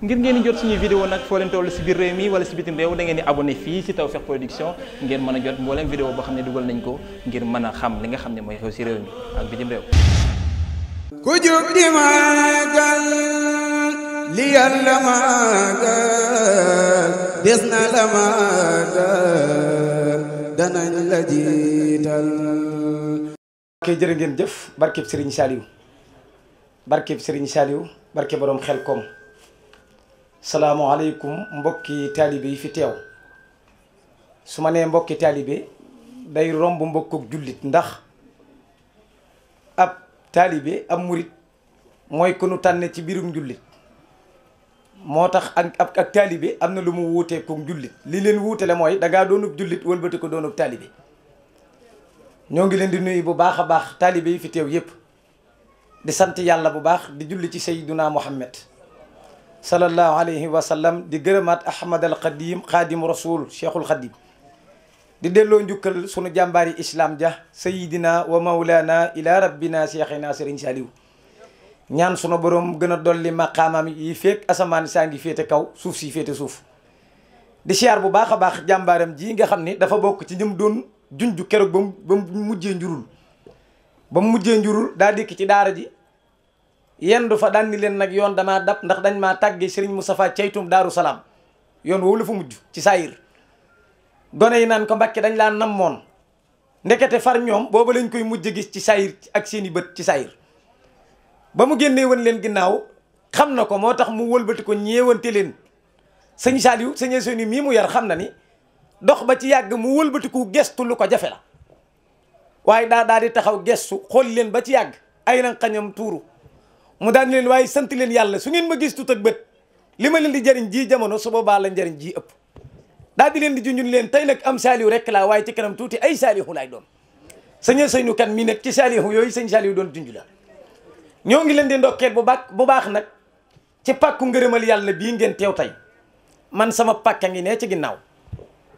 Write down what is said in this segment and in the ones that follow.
ngir ngeen jot suñuy vidéo nag foo leen toll si biir réew mi wala si bitim réew da ngeen di abonné fii si Tawfekh Production ngeen mën a jot mbooleem vidéo boo xam ne dugal nañ ko ngir mën a xam li nga xam ne mooy xew si ak bitim réew li yàlla maagal des na la maagal danañ la jiital kay jërë ngeen jëf barkeb Serigne Saliou barkeb Serigne Saliou barke borom xel koom salaamualeykum mbokki taalibe yi fi teew su ma nee mbokki taalibe day romb mbokkuk jullit ndax ab taalibe ab murit mooy ku nu tànn ci biirum jullit moo tax ak ab ak taalibe am na lu mu wuutee ku jullit li leen wuutale mooy dangaa doonub jullit wëlbati ko doonub taalibe ñoo ngi leen di nuyu bu baax a baax taalibe yi fi teew yépp di sant yàlla bu baax di julli ci sayyiduna Muhammad sallallahu alayhi wa sallam di gërëmaat ahmad al xadim xaadim rasul cheikhul xadim di delloo njukkal sunu jàmbaari islam ja sayidina wa maulana ila rabbina cheikhina sëriñ Saliou ñaan sunu borom gën a dolli maqaamam yi feeg asamaan saa ngi féete kaw suuf si féete suuf di siyaar bu baax a baax jàmbaaram ji nga xam ni dafa bokk ci ñëm doon junj keroog ba mu mujjee njurul ba mu mujjee njurul daa dikk ci daara ji du fa daan leen nag yoon damaa dab ndax dañ maa tàggee Serigne Moustapha Ceytum Daaru Salaam yoon woowu la mujj ci saayir gone yi naan ko Mbàkke dañ laa nammoon ndekete far ñoom boobu lañ koy mujj gis ci saayir ak seen i bët ci saayir ba mu génnee woon leen ginnaaw xam na ko moo tax mu wëlbati ko ñeewante leen sëñ sëñee sëñ Esooni mii mu yar xam na ni dox ba ci yàgg mu wëlbatiku gestu lu ko jafe la waaye daa daa di taxaw gestu xool leen ba ci yàgg ay ranqañam tuuru mu daan leen waaye sant leen yàlla su ngeen ma gis tut ak bët li ma leen di jëriñ ji jamono su boobaa la njëriñ jii ëpp daal di leen di junjun leen tey nag am saalihu rek laa waaye ci kanam tuuti ay saalihu laay doon sëñ sëñu Kan mii nag ci saalihu yooyu sëñ saalihu doon junj la ñoo ngi leen di ndokkeel bu baax bu baax nag ci pakku ngërëmal yàlla bii ngeen teew tey man sama pàkka ngi ne ci ginnaaw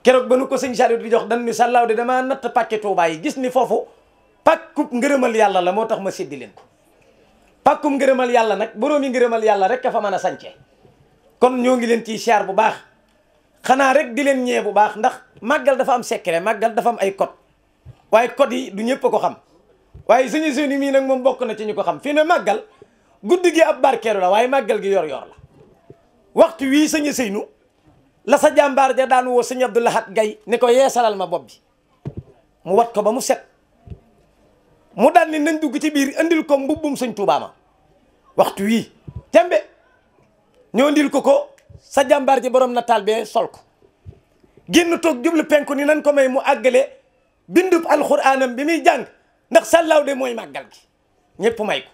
keroog ba nu ko sëñ saalihu di jox dan ni sàllaaw de damaa natt pàkke Tuubaa yi gis ni foofu pàkku ngërëmal yàlla la moo tax ma séddi leen ko pàkkum ngërëmal yàlla nag boroomi ngërëmal yàlla rek ka fa mën a sance kon ñoo ngi leen ciy siyaar bu baax xanaa rek di leen ñee bu baax ndax màggal dafa am secret màggal dafa am ay kot waaye code yi du ñëpp ko xam waaye suñu seen mii nag moom bokk na ci ñu ko xam fii ne màggal guddi gi ab barkeeru la waaye màggal gi yor-yor la waxtu wii sañu sëynu la sa jàmbaar ja daan woo sa Abdou Lahad gay ne ko yeesalal ma bopp bi mu wat ko ba mu set mu daal ni nañ dugg ci biir andil ko mbubbum sëñ Tuubaa ma waxtu wii tembe ñoo ndil ko ko sa jàmbaar ji borom nataal bee sol ko génn toog jublu penku ni nan ko may mu àggale bindub alxuraanam bi muy jàng ndax sàllaaw de mooy màggal gi ñëpp may ko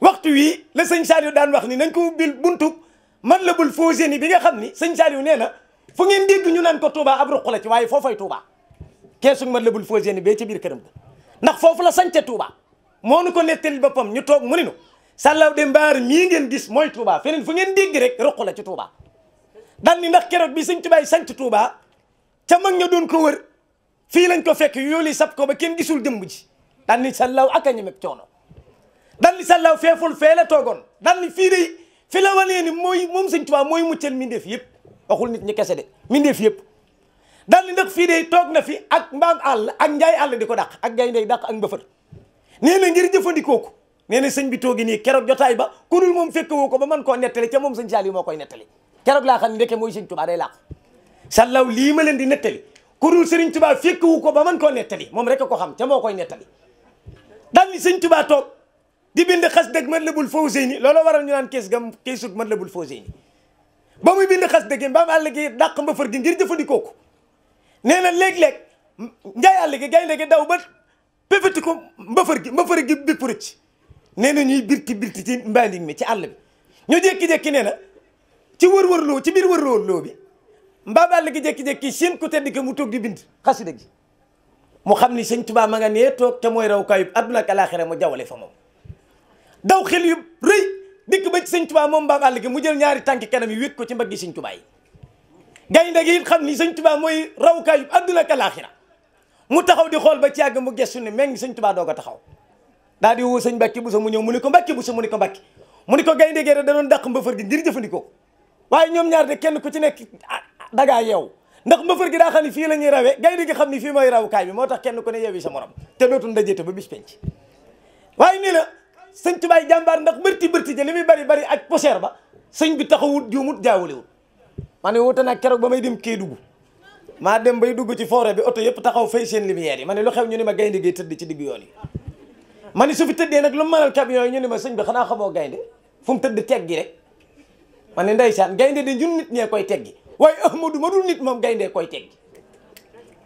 waxtu wii la sëñ Saliou daan wax ni nañ ko ubbil buntub man la bul faux génie bi nga xam ni sëñ Saliou nee na fu ngeen dégg ñu naan ko Touba ab ruq la ci waaye foofay Touba keesu man la bul faux génie bee ci biir këram ndax foofu la sañce Touba moo nu ko nettali boppam ñu toog mu ni nu sàllaw de mbaar mii ngeen gis mooy Touba feneen fu ngeen dégg rek ruq la ci Touba daan ni ndax keroot bi sëñ Touba yi sañc Touba ca mag ña doon ko wër fii lañ ko fekk yooli sab ko ba kenn gisul jëmb ji daan ni sàllaw ak a ñemeeg coono daan ni sàllaw feeful fee la toogoon daan ni fii de fi la wanee ni mooy moom sëñ Touba mooy muccal mindeef yëpp waxul nit ñi kese de mindeef yëpp dalli di nag fii de toog na fi ak mbaam àll ak njaay àll di ko dàq ak gaynde dàq ak mbëfër nee na ngir jëfandikoo ko nee na sëñ bi toog nii keroog jotaay ba ku dul moom fekk woo ko ba man ko nettali ca moom sëñ Saliou moo koy nettali keroog laa xam ne ndeke mooy sëñ Tuubaa day làqu sàllaw lii ma leen di nettali ku dul sëriñ Tuubaa fekk wu ko ba man koo nettali moom rek ko xam ca moo koy nettali dalli ni sëñ Tuubaa toog di bind xas dëgg Matlabul Fawzayni looloo waral ñu naan kees gam keesug Matlabul Fawzayni ba muy bind xas dëgg mbaam àll gi dàq mbëfër gi ngir jëfandikoo ko nee na léeg-léeg njaayàll gi gaynde gi daw ba péfati ko mbëfër gi mbëfër gi bépp ci nee na ñuy birti birti ci mbanding mi ci àll bi ñu jékki-jékki nee na ci war wër loo ci biir wër-wër loo bi mbaa àll gi jékki-jékki seen ku tedd mu toog di bind xasida gi mu xam ni sëñ Tuubaa ma nga nee toog te mooy raw kaayub adduna ak alaaxira mu jawale fa moom daw xel yu rëy dikk ba ci sëñ moom mbaa àll gi mu jël ñaari tànki kanam yi wékk ko ci mbaggi sëñ Tuubaa yi gaynde gi xam ni sëñ tubaa mooy rawukaayu àdduna ak alaaxira mu taxaw di xool ba ci yàgg mu gestu ne meññ sëñ tubaa doog a taxaw daa di woo sëñ Mbàkke Buso mu ñëw mu ni ko Mbàkke Buso mu ni ko Mbàkke mu ni ko gaynde gi da doon dàq mbëfër gi ngir jëfandikoo waaye ñoom ñaar de kenn ku ci nekk ah, dagaa yeew ndax mbëfër gi daa xam ni fii la ñuy rawee gaynde gi xam ni fii mooy rawukaay bi moo tax kenn ku ne yeewi sa morom te dootul dajete ba bis penc waaye nii la sëñ tubaay jàmbaar ndax bërti bërti ja li muy bari bari ak poussière ba sëñ bi taxawut juumut jaawulewut ma ne wuute nag keroog ba may dem dugg maa dem bay dugg ci forêt bi oto yëpp taxaw fay seen lumière yi man ne lu xew ñu ni ma gaynde gi tëdd ci digg yoon yi ma ne su fi tëddee nag lu mu mënal camion ñu ne ma sëñ bi xanaa xamoo gaynde fu mu tëdd teggi rek ma ne ndeysaan gaynde de ñun nit ñee koy teggi waaye Ahmadou ma dul nit moom gayndee koy teggi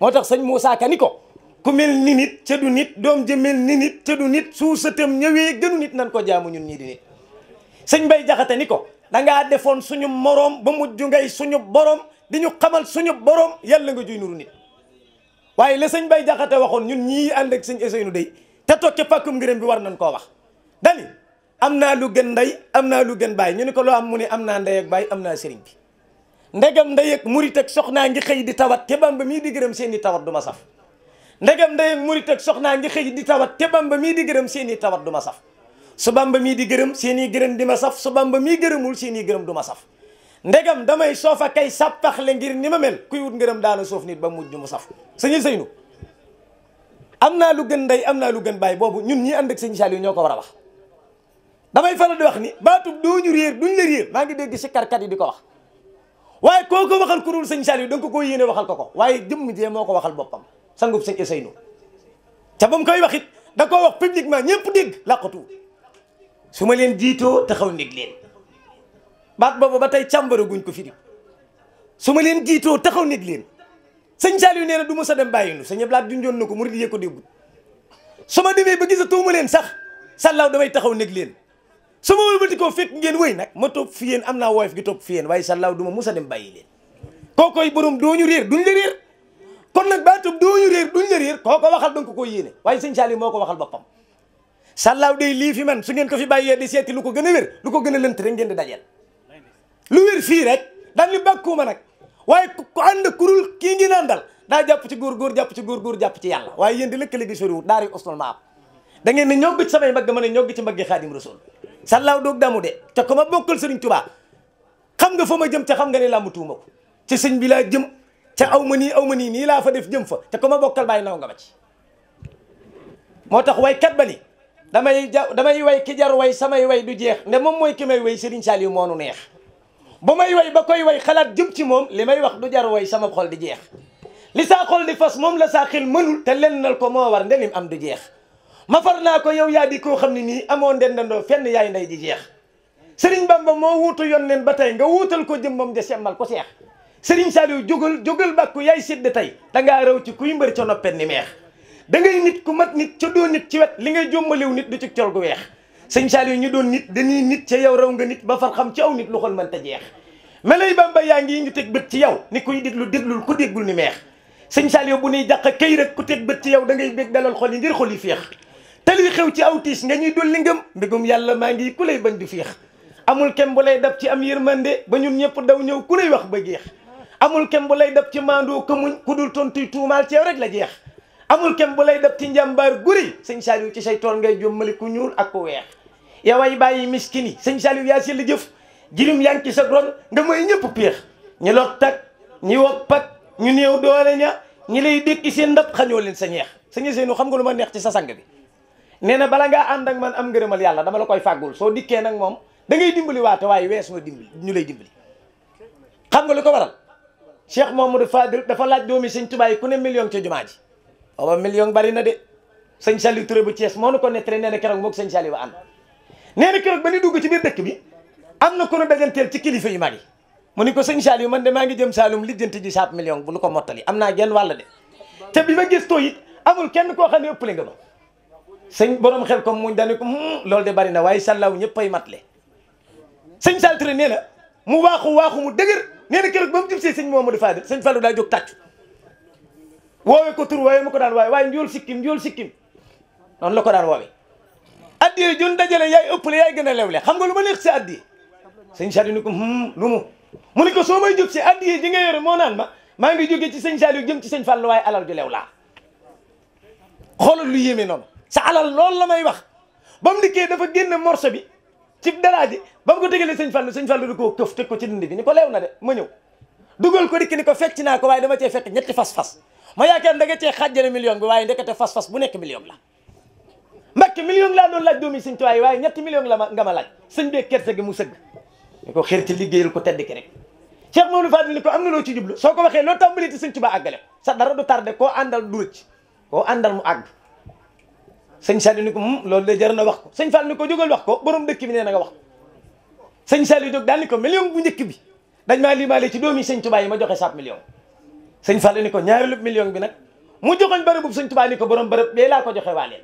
moo tax sëñ Moussa Ka ni ko ku mel ni nit ca nit doom ja mel ni nit ca du nit suusatam ñëwee gënu nit nan ko jaamu ñun ñii di sëñ Bay Jaxate ko dangaa defoon suñu moroom ba mujj ngay suñu borom di ñu xamal suñu borom yàlla nga juy nuru nit waaye la sëñ Bay Jaxate waxoon ñun ñii ànd ak sëñ nu dey te toog ca pàkkum ngërëm bi war nañ koo wax dani am naa lu gën ndey am naa lu gën baay ñu ne ko loo am mu ne am naa ndey ak baay am naa sëriñ bi ndegam ndey ak murit soxnaa ngi xëy di tawat te Bamba mii di gërëm seeni tawat du ma saf ndegam ndey soxnaa ngi xëy di tawat te Bamba mii di gërëm seen tawat du ma saf su bamba mii di gërëm seeni i gërëm di ma saf su bamba mii gërëmul seeni gërëm du ma saf ndegam damay soofa kay sàppaxle ngir ni ma mel kuy wut ngërëm daana soof nit ba mujj mu saf sëñi sëynu am naa lu gën ndey am naa lu gën baay boobu ñun ñii ànd ak sëñ Saliou ñoo ko war a wax damay faral di wax ni baatub dooñu réer duñ la réer maa ngi dégg sikkarkat yi di ko wax waaye koo ko waxal ku dul sëñ Saliou da nga ko koo yéene waxal ko ko waaye jëm jee moo ko waxal boppam sangub sëñ Seynu te ba mu wax it da koo wax publiquement ñëpp dégg làqatu su ma leen jiitoo taxaw nég leen baat boobu ba tey càmbara guñ ko firi su ma leen jiitoo taxaw nég leen sëñ Saliou nee du ma sa dem bàyyinu sa ñëpp laat junjoon na ko murid yee ko déggut su ma demee ba gisatoo ma leen sax sàllaaw damay taxaw nég leen su ma wëlbati koo fekk ngeen wëy nag ma topp fi yéen am naa woyof gi topp fi yéen waaye sàllaaw du ma musa dem bàyyi leen kookoy borom dooñu réer duñ la réer kon nag baatub dooñu réer duñ la réer kooko waxal danga ko koy yéene waaye sëñ Saliou moo ko waxal boppam sàllaaw day lii fi man su ngeen ko fi bàyyee di seeti lu ko gën a lu ko gën lën lënt rek ngeen di dajeel lu wér fii rek daan li bàkkuuma nag waaye ko ànd kurul kii ngi naan dal daa jàpp ci góor góor jàpp ci góor góor jàpp ci yàlla waaye yéen di lëkkale gi soriwul daari ustul maam da ngeen ne ñogg ci samay mbagg ma ne ñogg ci mbaggi xaadim rasul sàllaaw doog damu de te ko ma bokkal sëriñ tubaa xam nga fa ma jëm ca xam nga ne laa mu tuuma ko ci sëñ bi laa jëm te aw ma nii aw ma nii nii laa fa def jëm fa te ko ma bokkal bàyyi naw nga ma tax way kat ba ni damay ja damay way ki jar way samay way du jeex nde moom mooy ki may way Serigne Saliou moo nu neex bu may way ba koy way xalaat jëm ci moom li may wax du jar way sama xol di jeex li saa xol di fas moom la saa xel mënul te lennal ko moo war nde lim am du jeex ma far naa ko yow yaa di koo xam ne nii amoon amoo ndendandoo fenn yaay nday di jeex Serigne Bamba moo wuutu yoon leen ba tey nga wuutal ko jëm moom de semmal ko seex Serigne Saliou jógal jógal bàkku yaay sédd tey dangaa raw ci kuy mbër ca noppen ni meex da ngay nit ku mag nit ca doo nit ci wet li ngay jommaliw nit du ci col gu weex sëñ Saliou ñu doon nit dañuy nit ca yow raw nga nit ba far xam ci aw nit lu xol mënta jeex melay bamba yaa ngi ñu teg bët ci yow ni kuy déglu déglul ku déggul ni meex sëñ Saliou bu nuy jàq kay rek ku teg bët ci yow dangay ngay bég dalal xol yi ngir xol yi féex te liy xew ci aw tiis nga ñuy dolli ngëm mbégum yàlla maa ngi ku lay bañ di féex amul kem bu lay dab ci am yërmande ba ñun ñëpp daw ñëw ku lay wax ba jeex amul kem bu lay dab ci maandoo ko ku dul tontuy tuumaal ci yow rek la jeex amul kenn bu lay def ci njàmbaar guri sañ Saliou ci say tool ngay jommali ku ñuul ak ku weex yow ay bàyyi miskin yi sëñ Saliou yaa si la jëf jirim yaa ngi ci sa ron nga mooy ñëpp péex ñi log tag ñi wog pak ñu néew doole ña ñi lay dékki seen ndab xañoo leen sa ñeex sëñ Seynou xam nga lu ma neex ci sa sang bi nee na bala ngaa ànd ak man am ngërëmal yàlla dama la koy fàggul soo dikkee nag moom dangay ngay dimbali waate waaye wees nga dimbali ñu lay dimbali xam nga lu ko waral Cheikh Mamadou Fadil dafa laaj doomi sëñ Tuubaa yi ku ne million ca jumaa ji booba million bari na de sëñ Saliou Touré bu Thiès moo nu ko nettali nee na keroog moog sëñ Saliou ba ànd nee keroog ba ñu dugg ci biir dëkk bi am na ko nu teel ci kilifa yu mag yi mu ni ko sëñ Saliou man de maa ngi jëm Saloum lijjanti ji saab million bu nu ko mottali am na genn wàll de te bi ma gëstoo it amul kenn koo xam ne ëppale nga ma sëñ borom xel comme muñ dani ko hmm, loolu de bari na waaye sàllaaw ñëpp ay matle sëñ Saliou nee na mu waaxu waaxu mu dëgër nee na keroog ba mu jëm see sëñ Mamadou sëñ Fallou daa jóg tàccu woowe ko tur waaye ma ko daan waaye waaye njool sikkim njool sikkim noonu la ko daan woowe addiye jun dajale yaay ëppale yaay gën a le xam nga lu ma neex si addiye sëñ Saliou ni ko hmm, lu mu mu ni ko soo may jóg si addiye ji nga yore moo naan ma maa ngi jógee ci sëñ Saliou jëm ci sëñ Fallou waaye alal ju lew laa xoolal lu yéeme noonu sa alal loolu la may wax ba mu dafa génne morso bi ci daraa ji ba mu ko tegalee sëñ Fallou fal Fallou di ko këf teg ko ci dund bi ni ko leew na ma ñëw dugal ko dikk ni naa ko waaye dama cee fekk ñetti fas-fas ma yaakaar da nga cee xàjjale million bi waaye ndekete fas-fas bu nekk million la mbakki laa doon laaj doomi sëñ Tuubaa yi waaye ñetti million la ma nga ma laaj sëñ bee kersa gi mu sëgg ñu ko xër ci liggéey liggéeyal ko tedd ki rek Cheikh Mamadou Fadil ni ko am na loo ci jublu soo ko waxee loo tàmbali ci sëñ Tuubaa àggale sa dara du tardé koo àndal du ci koo àndal mu àgg sëñ Saliou ni ko hmm, loolu de jar na wax ko sëñ Fall ni ko jógal wax ko borom dëkk bi nee na nga wax sëñ Saliou jóg daal ni ko million bu njëkk bi dañ maa limaale ci doomi sëñ Tuubaa yi ma joxe saab million sëñ Fallou ni ko ñaareelu million bi nag mu joxoñ bërëb bu sëñ Tuubaa ni ko borom bërëb bee laa ko joxe waaleen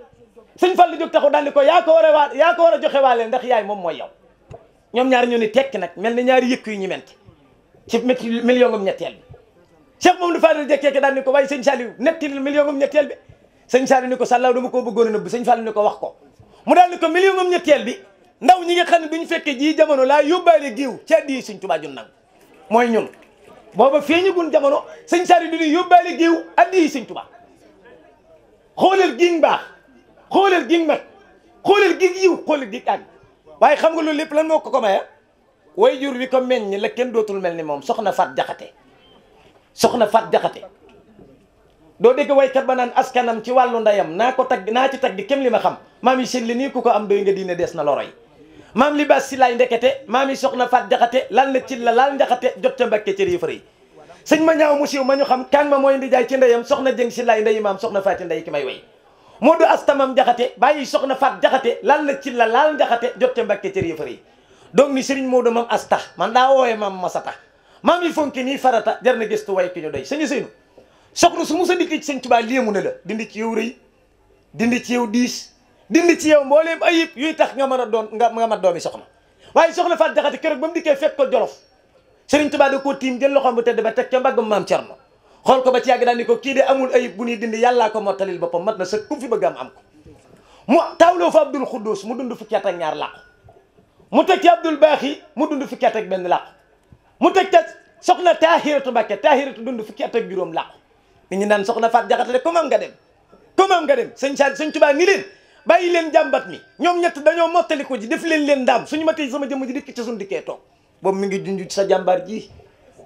sëñ Fallou jóg daal ko a waa yaa ko war a joxe waaleen ndax yaay moom mooy yow ñoom ñaari ñu tekki nag mel ni ñaari yëkk yu ñu ment ci million gum ñetteel bi Cheikh moom du Fallou jekkeeke daal ni ko waaye sëñ Saliou nettil million gum ñetteel bi sëñ Saliou ni ko sàllaaw dama koo bëggoon a nëbb sëñ Fallou ni ko wax ko mu daal ni ko million gum ñetteel bi ndaw ñi nga xam ne duñ fekke ji jamono laa yóbbaale giiw ci addi sëñ Tuubaa ju nangu mooy ñun booba feeñagul jamono sëñ Saliou di ñu yóbbaale géew addi yi sëñ Tuubaa xoolal gi baax xoolal gi mat xoolal gi yiw xoolal gi àgg waaye xam nga loolu lépp lan moo ko ko maye way jur wi ko meññ ni la kenn dootul mel ni moom soxna Fat Jaxate soxna Fat Jaxate doo dégg waykat ba naan askanam ci wàllu ndeyam naa ko tagg naa ci tagg kem li ma xam maam yi seen li nii ku ko am doy nga diine des na loroy maam libaas si laay ndekete maam yi soxna faat jaxate laal na ci la laal njaxate jot ca mbàkke cër yi fari sëñ ma ñaaw mu siiw ma ñu xam kan ma mooy ndijaay ci ndeyam soxna jëng si laay ndeyi maam soxna faati ndey ki may way moo du astamam jaxate bàyyi soxna faat jaxate laal na ci la laal njaxate jot ca mbàkke cër yi fari donc ni sëriñ moo du maam asta man daa wooye maam masata maam yi fonki nii farata jar na gëstu way ki ñu doy sëñu sëynu soxna su musa dikk ci sëñ Tuubaa léemu na la dindi ci yow rëy dindi ci yow diis dindi ci yow mbooleem ayib yuy tax nga mën a doon nga nga mat doomi soxna waaye soxna Fatou Jaxate keroog ba mu dikkee fekk ko Jolof Sëriñ Tuubaa da koo tiim jël loxoom bu tedd ba teg ca mbaggam maam Cerno xool ko ba ci yàgg daal ni ko kii de amul ayib bu ñuy dindi yàllaa ko mottalil boppam mat na sa ku fi bëgg am am ko mu tawloo fa Abdul Xuddus mu dund fukki at ak ñaar làqu mu teg ci Abdul Baaxi mu dund fukki at ak benn làqu mu teg ca soxna Taahiratu Mbàkke Taahiratu dund fukki at ak juróom làqu nit ñu naan soxna Fatou Jaxate de comme am nga dem comme am nga dem sëñ sa sëñ Tuubaa ni leen bàyyi leen jàmbat mi ñoom ñett dañoo mottali ko ji def leen leen daam suñu matee ma jëmm ji dikk ca suñu dikkee toog boobu mi ngi junj sa jàmbaar ji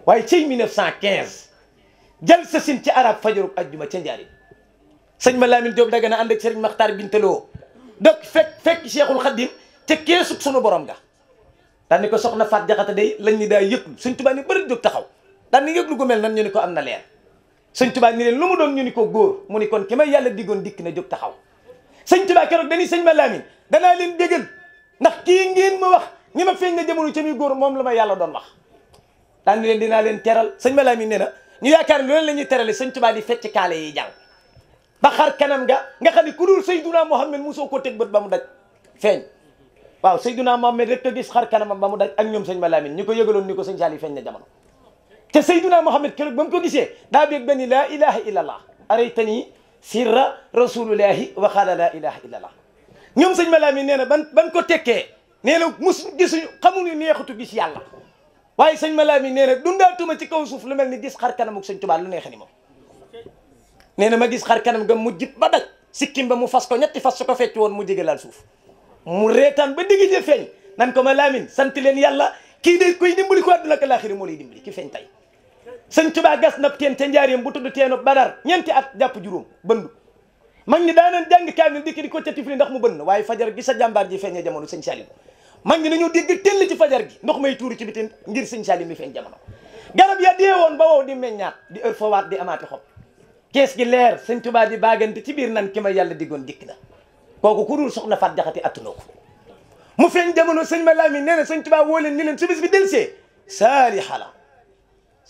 waaye cey 1915 jal sa sin ci arab fajarub ajjuma ca njaari sëñ ma Lamine Diop daga na ànd ak sëriñ Maxtaar Bintaloo donc fekk fekk Cheikhul Khadim te keesug sunu borom ga daan ni ko soxna Faat Jaxate day lañ ni daa yëglu suñ tubaa ni bëri jóg taxaw daan ni yëglu gu mel na ñu ni ko am na leer suñ tubaa ni leen lu doon ñu ni ko góor mu ni kon ki may yàlla diggoon dikk na jóg taxaw sëñ Tuubaa keroog dañuy sëñ ma laamin danaa leen bégal ndax kii ngeen ma wax ñi ma feeñ na jamono ca muy góor moom la ma yàlla doon wax daan leen dinaa leen teral sëñ ma laamin nee na ñu yaakaar ne loolu la ñuy terale sëñ Tuubaa di fecc kaale yi jàng ba xar kanam nga nga xam ne ku dul Seydunaa Muhammad mosoo ko teg bët ba mu daj feeñ waaw Seydunaa Muhammad rek ko gis xar kanamam ba mu daj ak ñoom sëñ ma laamin ñi ko yëgaloon ni ko sëñ Saali feeñ na jamono te Seydunaa Muhammad keroog ba mu ko gisee daa béeg benn laa ilaha illallah araytani sirra rasulullahi wa qala la ilaha illallah ñoom sëñ Malamine nee na ban ban ko tekkee nee na mus gisuñu xamuñu neexutu gis yàlla waaye sëñ Malamine nee na dundaatuma ci kaw suuf lu mel ni gis xar kanamuk sëñ Tuubaa lu neexe ni moom nee na ma gis xar kanam nga mu jib ba daj sikkim ba mu fas ko ñetti fas su ko fecc woon mu jégalaal suuf mu reetaan ba digg jë feeñ nan ko Malamine sant leen yàlla kii de koy dimbali ko àdduna ak laaxira moo lay dimbali ki feeñ tey sëñ Tuubaa gas nab teen ca njaareem bu tudd teenu badar ñeenti at jàpp juróom bënd mag ñi daaneen jàng kaamil dikki di ko ca tifli ndax mu bënn waaye fajar gi sa jàmbaar ji feeñee jamono sëñ Salim mag ñi dañoo dégg tell ci fajar gi ndox may tuuri ci bitin ngir sëñ Salim mi feeñ jamono garab ya dee woon ba wow di meññaat di heure fawaat di amaati xob kees gi leer sëñ Tuubaa di baagante ci biir nan ki ma yàlla diggoon dikk na kooku ku dul soxna Faat Jaxate attunoo ko mu feeñ jamono sëñ ma laami nee na sëñ Tuubaa woo leen ni leen su bis bi delsee saali xala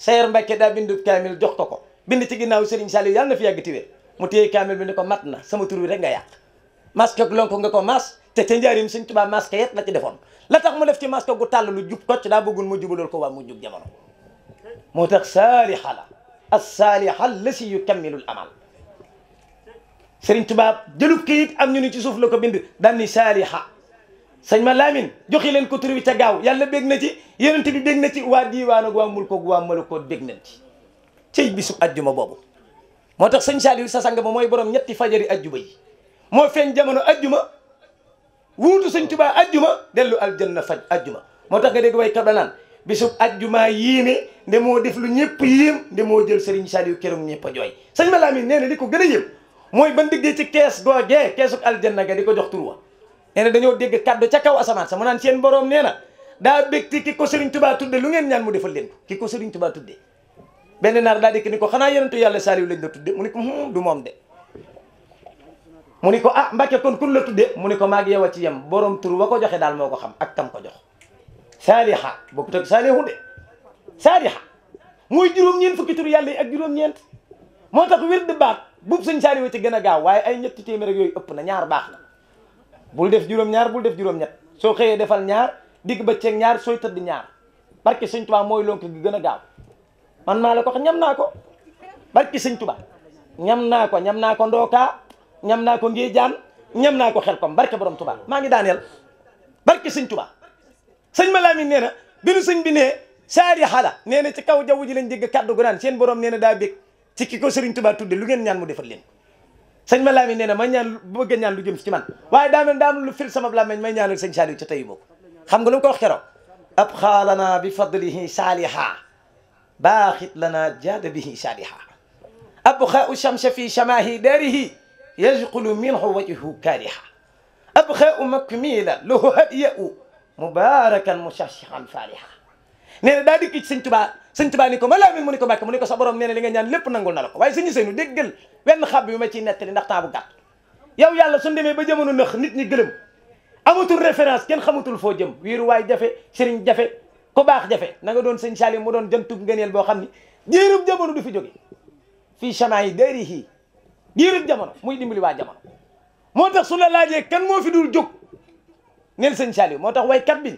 Sayer mbake daa bindu kaamil jox ko ko bind ci ginnaaw Serigne Saliou yàlla na fi yàgg tiwee mu téye kaamil bi ne ko mat na sama tur wi rek nga yàq masque ak lonko nga ko mas te ca njaarim Serigne Touba masque yet la ci defoon la tax mu def ci masque gu tàll lu jub kocc daa bëggul mu jubalool ko waa mu jub jamono moo tax saalixa la as-saalixa la si yu kammilul amal Serigne Touba jëlub kayit am ñu ni ci suuf la ko bind daan ni saalixa sëñ ma Lamine joxe leen ko tur ca gaaw yàlla bég na ci yonent bi bég na ci waa diiwaan ak waa mulk ak waa malakoot bég nañ ci cey bisub ajjuma boobu moo tax sañ Saliou sa sang ba mooy boroom ñetti fajari ajjuma yi moo feeñ jamono ajjuma wuutu sëñ Tuubaa ajjuma dellu aljanna faj ajjuma moo tax nga dégg way kaba naan bisub ajjuma yéeme nde moo def lu ñëpp yéem nde moo jël sëriñ Saliou keroog ñëpp a jooy sañ ma Lamine nee na ko gën a yéem mooy ban diggee ci kees googee keesuk aljanna ga di ko jox tur nee na dañoo dégg kàddu ca kaw asamaan sa mu naan seen borom nee na daa bégti ki ko Serigne tudde lu ngeen ñaan mu defal leen ko ki ko Serigne Touba tudde benn naar daa dikk ni ko xanaa yonentu yàlla Saliou lañ la tudde hmm, du moom de mu ni ko ah Mbàkke kon kun la tudde mu ni ko maag yow a ci yem borom tur wa ko joxe daal moo ko xam ak kam ko jox saaliha bokkut ak saalihu de saaliha mooy juróom ñeen fukki tur yàlla yi ak juróom-ñeent moo tax wér de baat buub sëñ Saliou ci gën a gaaw waaye ay ñetti téeméer ak yooyu ëpp na ñaar baax bul def juróom-ñaar bul def juróom-ñett soo xëyee defal ñaar digg bëccëg ñaar sooy tëdd ñaar barki sëñ Tuubaa mooy lonk gi gën a gaaw man maa la ko wax ñam naa ko barki sëñ Tuubaa ñam naa ko ñam naa ko ndookaa ñam naa ko ngéejaan ñam naa ko xel kom barke borom Tuubaa maa ngi daaneel barki sëñ Tuubaa sëñ ma Lamin nee na bi nu sëñ bi nee saari xala nee na ci kaw jaww ji lañ dégg kàddu gu seen borom nee daa bég ci ki ko sëriñ Tuubaa tudde lu ngeen ñaan mu defal leen sëñ ma Lamine nee na ma ñaan bu bëgg ñaan lu jëm ci waaye daa mel daa mel lu fir sama làmmiñ may ñaanal sëñ Saliou ca tey boobu xam nga lu mu ko wax keroog ab xaalana bi fadlihi saaliha baaxit lana jaada bihi saaliha ab xaau shamsa fi shamahi daarihi yajqulu minhu wajhu kaariha ab xaau makmila lahu hadiyau mubarakan mushashihan faaliha nee na daa dikk ci sëñ Tuubaa sëñ ni ko ma Lamine mu ni ko Mbàkke mu ni ko sa borom nee na li nga ñaan lépp ko wenn xab yu ma ciy nettali ndax temps gàtt yow yàlla suñ demee ba jamono nëx nit ñi gëlëm amatul référence kenn xamatul foo jëm wiiru waay jafe sëriñ jafe ku baax jafe na nga doon sëñ Salim mu doon jantub ngëneel boo xam ni diirub jamono du fi jóge fii chaman yi déeri hii diirub jamono muy dimbali waa jamono moo tax su la laajee kan moo fi dul jog neel sëñ Salim moo tax waay waykat bi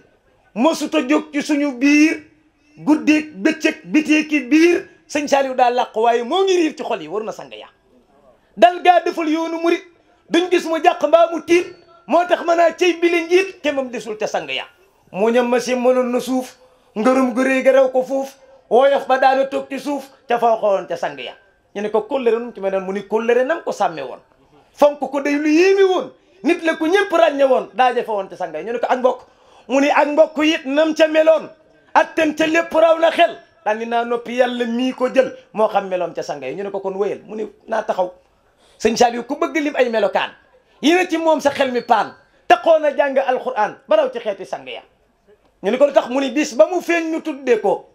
mosuta jóg ci suñu biir guddeeg bëccëg biteeki biir sëñ Salim daal làqu waaye moo ngi riir ci xol yi waru na sang yaa dal gaa defal yoonu murit duñ gis mu jàq mbaamu tiir moo tax ma naa cey bile njiit te moom desul ca sang ya mu ñam ma si mënoon na suuf ngërëm gu réy ga ko fuuf wooyof ba daana toog ci suuf ca faa xooloon ca sang ya ñu ne ko kóllëre num ci mel noonu mu ni kóllëre nam ko sàmme woon fonk ko day lu nit la ku ñëpp ràññe woon daa jafe woon ca sang ñu ne ko ak mbokk mu ni ak mbokk it nam ca meloon atten ca lépp raw na xel daan ni naa noppi yàlla mii ko jël moo xam meloon ca sang ya ñu ne ko kon wéyal mu ni naa taxaw sëñ Saliou ku bëgg lim ay melokaan yéen ci moom sa xel mi paan taxoon a jàng alxuraan ba raw ci xeeti sang ya ñu ne ko lu tax mu ni bis ba mu feeñ ñu tuddee ko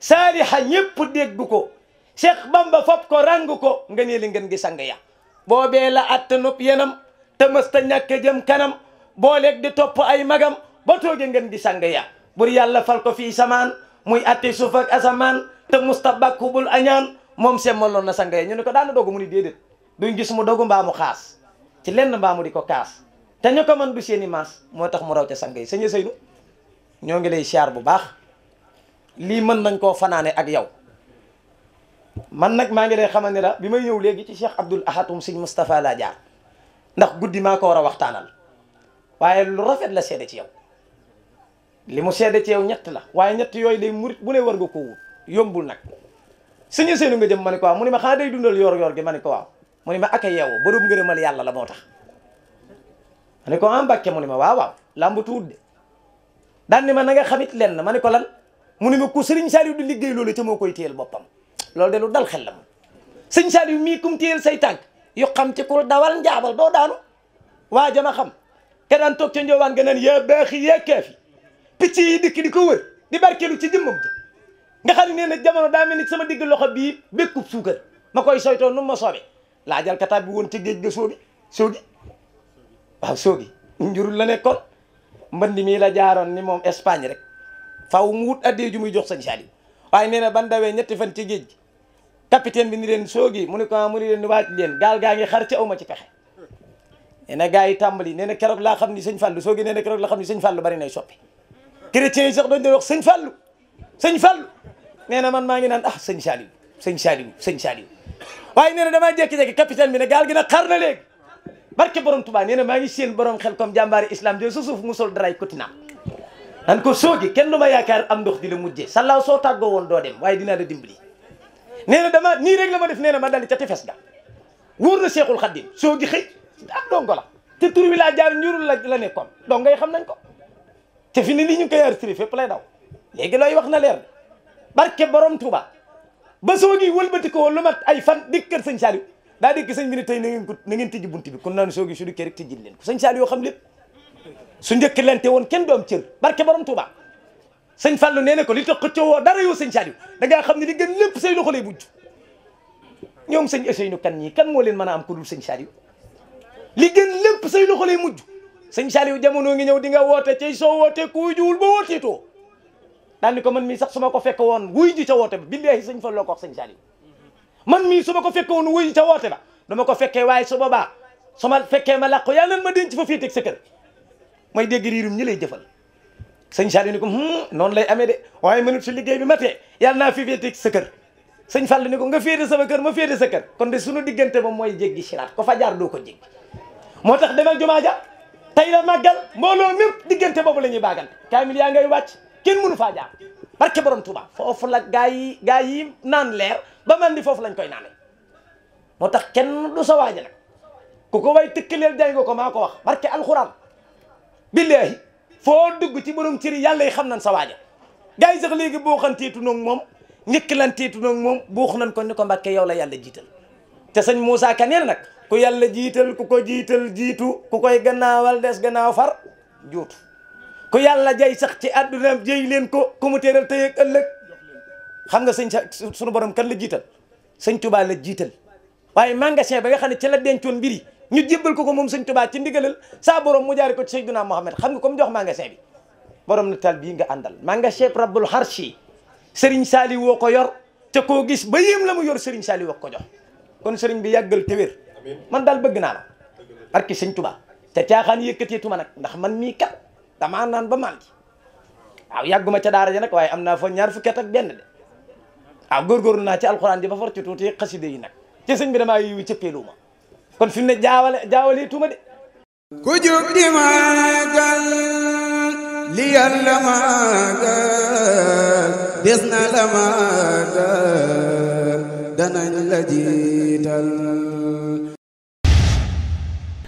saaliha ñëpp dégg ko Cheikh Bamba fop ko ràng ko nga nee li ngeen gi sang ya boobee la attanub yenam te mësta ñàkk jëm kanam boo booleeg di topp ay magam boo tooge ngeen gi sang ya bur yàlla fal ko fii samaan muy atti suuf ak asamaan te musta bàkkubul añaan moom semmaloon na sang ya ñu ni ko daana doogu mu ni déedéet duñ gis mu dogu mbaamu xaas ci lenn mbaa di ko kaas te ñu ko mën du seeni maas moo tax mu raw ca sang yi sëñ Seynu ñoo ngi lay siyaar bu baax lii mën nañ koo fanaane ak yow man nag maa ngi lay xamal ne la bi may ñëw léegi ci Cheikh Abdoul Ahatum sëñ Moustapha laa jaar ndax guddi maa ko war a waxtaanal waaye lu rafet la seede ci yow li mu seede ci yow ñett la waaye ñetti yooyu day murit bu ne war nga ko yombul nag sëñ Seynu nga jëm ma ne ko mu ne ma xanaa day dundal yor-yor ma ne ko waaw. mu ma ak a yeewu borom ngërëmal yàlla la moo tax ma ne ko ah Mbàkke mu ni ma waaw waaw làmb tuut de daan ni ma na nga xamit lenn ma ne ko lan mu ni ma ku sëriñ Saliou di liggéey loolu ca moo koy téyel boppam loolu de lu dal xel la moom sëñ Saliou mii kum téyel say tànk yu xam ci ku dawal njaabal doo daanu waa jama xam ke daan toog ca njoowaan nga naan yaa baaxi yaa kaafi picc yi dikk di ko wër di barkeelu ci jëmmam ji nga xam ne nee na daa mel ni sama digg loxo bii békkub suukar ma koy soytoo nu ma soobee laajal kataab bi woon ci géej ga soogi soogi waaw soogi njurul la nekkoon mbënd mii la jaaroon ni moom Espagne rek faw mu wut addee ju muy jox sañ Saliou waaye nee na ban dawee ñetti fan ci géej gi bi ni leen soogi mu ne ko mu ni leen waaj leen daal gaa ngi xar ci aw ma ci pexe nee na gaa yi tàmbali nee na keroog laa xam ni sëñ Fallou soogi nee na keroog laa xam ni sëñ Fallou bari nay soppi sax dañ doon wax sëñ Fallou sëñ Fallou na man maa ngi naan ah sëñ Saliou sëñ Saliou sëñ Saliou waaye nee na damaa jékki-jékki capitaine bi ne gaal gi nag xar na léegi barke borom Tuubaa nee maa ngi seen borom xel comme jàmbaari islam jooy sa suuf mu sol daray kotina dan ko soogi kenn du ma yaakaar am ndox di la mujjee sallaaw soo tàggoo woon doo dem waaye dinaa la dimbali nee na dama nii rek la ma def nee na ma dal ca tefes ga wóor na Seexul Xaddim soogi xëy am dongo la te tur wi laa jaar njurul la la nekkoon donc ngay xam nañ ko te fi ne nii ñu ngi koy fépp lay daw léegi looy wax na leer barke borom Tuubaa ba soo gi wëlbati ko lu mat ay fan dikk kër sëñ Saliou daa dikk sëñ bi ne tey na ngeen ko na ngeen tijji bunt bi kon naan soo gi su dikkee rek tijji leen ko sëñ Saliou yoo xam lépp su njëkk lente woon kenn du am cër barke borom Touba sëñ Fallou nee na ko li tax xëccoo woo dara yow sëñ Saliou da ngaa xam ne li gën lépp say loxo lay bujj ñoom sëñ Ousseynou kan ñii kan moo leen mën a am ku dul sëñ Saliou li gën lépp say loxo lay mujj sëñ Saliou jamono ngi ñëw di nga woote cay soo wootee ku wujuwul ba wooteetoo daal ko man mii sax su ma ko fekk woon wuy ji ca woote ba billaahi sëñ Fallu ko wax sëñ Saliou man mii su ma ko fekk woon wuy ji ca woote ba dama ko fekkee waaye su boobaa su ma fekkee ma làqu yàlla na ma denc fa féeteeg sa kër mooy dégg riirum ñi lay jëfal sëñ Saliou ni ko hmm, noonu lay amee de waaye mënut si liggéey bi matee yàlla naa fi féeteeg sa kër sëñ Fallu ni ko nga féete sama kër ma féete sa kon de suñu diggante moom mooy jéggi siraat ko fa jaar doo ko jéggi moo tax demal jumaa ja tey la màggal mbooloo mépp diggante boobu la ñuy baagante kaamil yaa ngay wàcc kenn mënu faa jaar barke borom Touba foofu la gaa yi gaa yi naan leer ba mel ni foofu lañ koy naane moo tax kenn du sa waaja nag ku ko way tëkkaleel jaay nga ko maako ko wax barke alxuraan billahi foo dugg ci borom cëri yàlla yi xam nañ sa waaja gaa yi sax léegi boo xanteetu noog moom njëkkalanteetu noog moom buux nañ ko ni ko mbàkke yow la yàlla jiital te sëñ Moussa Ka nee nag ku yàlla jiital ku ko jiital jiitu ku koy gannaawal des gannaaw far juutu ko yàlla jay sax ci àddunaam jay leen ko ko mu téeral tey ak ëllëg xam nga sëñ sunu borom kan la jiital sëñ tubaa la jiital waaye magasin ba nga xam ne ci la dencoon mbir ñu jébbal ko ko moom sëñ tubaa ci ndigalal saa borom mu jaari ko ci Seydina Muhammad xam nga kom jox magasin bi borom na tal bii nga àndal magasin rabbul harshi sëriñ saali woo ko yor te koo gis ba yéem la mu yor sëriñ saali woo ko jox kon sëriñ bi yàggal te wér man daal bëgg naa la barki sëñ tubaa te caaxaan yëkkatee tuma nag ndax man mii kat damaa naan ba màndi waaw yàgguma ca daara ja nag waaye am naa fa ñaar fukki at benn de waaw góorgóorlu naa ci alxuraan ji ba far ci tuuti xaside yi nag ci sëñ bi damaa yiwu cëppeeluma kon fi mu ne jaawale jaawale tuuma de ku di maagal li yàlla maagal des na danañ la jiital